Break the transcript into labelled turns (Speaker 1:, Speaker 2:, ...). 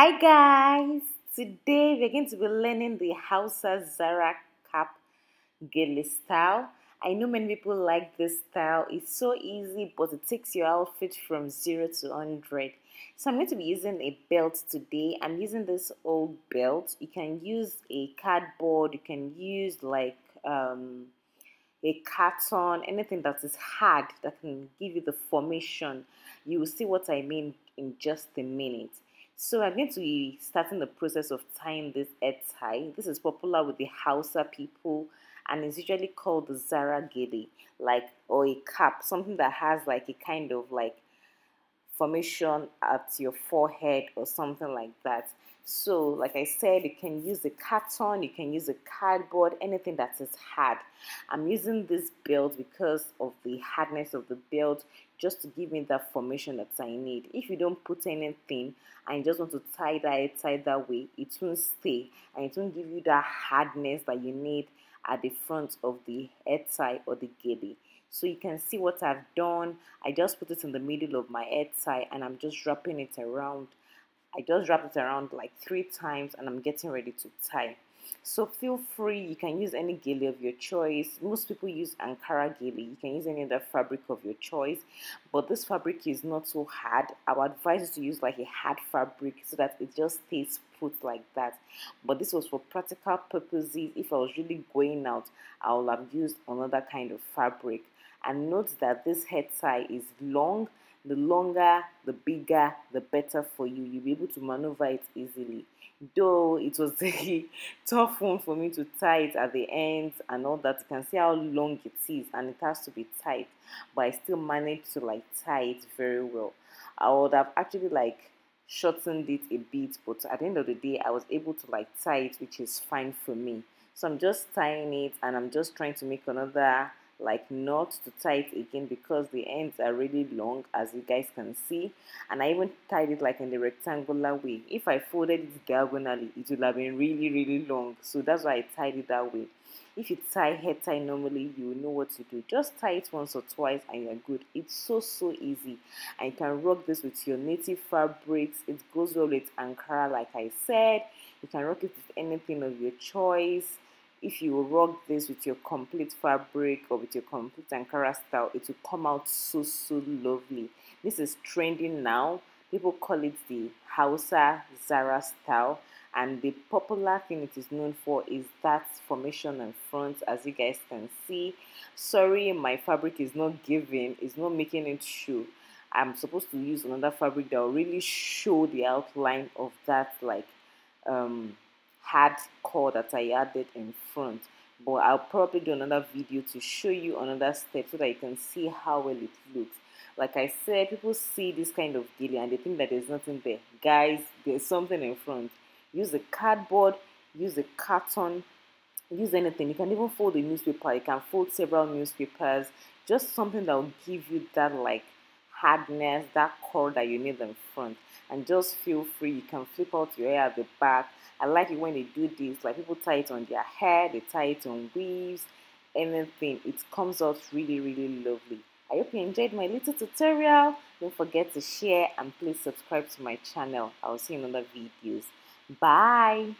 Speaker 1: Hi guys! Today we're going to be learning the Hausa Zara cap gele style. I know many people like this style. It's so easy but it takes your outfit from 0 to 100. So I'm going to be using a belt today. I'm using this old belt. You can use a cardboard. You can use like um, a carton. Anything that is hard that can give you the formation. You will see what I mean in just a minute. So I'm going to be starting the process of tying this head tie. This is popular with the Hausa people and it's usually called the Zara Gele, like, or a cap, something that has like a kind of like formation at your forehead or something like that. So, like I said, you can use a carton, you can use a cardboard, anything that is hard. I'm using this belt because of the hardness of the belt, just to give me that formation that I need. If you don't put anything and you just want to tie that tie that way, it won't stay and it won't give you that hardness that you need at the front of the head tie or the giddy so you can see what I've done I just put it in the middle of my head tie and I'm just wrapping it around I just wrap it around like three times and I'm getting ready to tie so feel free, you can use any gilly of your choice. Most people use Ankara gilly, you can use any other fabric of your choice, but this fabric is not so hard. Our advice is to use like a hard fabric so that it just stays put like that. But this was for practical purposes. If I was really going out, I would have used another kind of fabric. And note that this head tie is long the longer, the bigger, the better for you. You'll be able to maneuver it easily. Though it was a tough one for me to tie it at the end and all that. You can see how long it is and it has to be tight. But I still managed to like tie it very well. I would have actually like shortened it a bit but at the end of the day I was able to like tie it which is fine for me. So I'm just tying it and I'm just trying to make another like not to tie it again because the ends are really long as you guys can see and I even tied it like in the rectangular way if I folded it diagonally it would have been really really long so that's why I tied it that way if you tie hair tie normally you know what to do just tie it once or twice and you're good it's so so easy and you can rock this with your native fabrics it goes well with ankara like i said you can rock it with anything of your choice if you rock this with your complete fabric or with your complete Ankara style, it will come out so, so lovely. This is trending now. People call it the Hausa Zara style. And the popular thing it is known for is that formation and front, as you guys can see. Sorry, my fabric is not giving, it's not making it show. I'm supposed to use another fabric that will really show the outline of that, like, um, core that I added in front but I'll probably do another video to show you another step so that you can see how well it looks like I said people see this kind of gilly and they think that there's nothing there guys there's something in front use a cardboard use a carton use anything you can even fold a newspaper you can fold several newspapers just something that will give you that like hardness, that core that you need in front. And just feel free. You can flip out your hair at the back. I like it when they do this. Like people tie it on their hair, they tie it on weaves, anything. It comes out really, really lovely. I hope you enjoyed my little tutorial. Don't forget to share and please subscribe to my channel. I will see you in other videos. Bye!